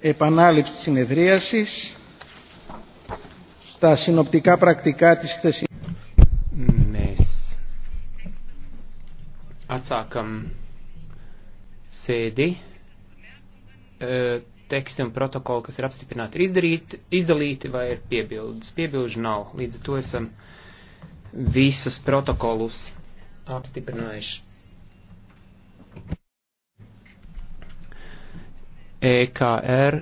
επανάληψη της συνεδρίασης. Τα συνοπτικά πρακτικά της χθεσινής. Mēs atsākam sēdi. Teksti un protokoli, kas ir apstiprināti, ir izdarīti, izdalīti vai ir piebildes. Piebilžu nav. Līdz ar to esam visus prokolus apstiprinājuši. EKR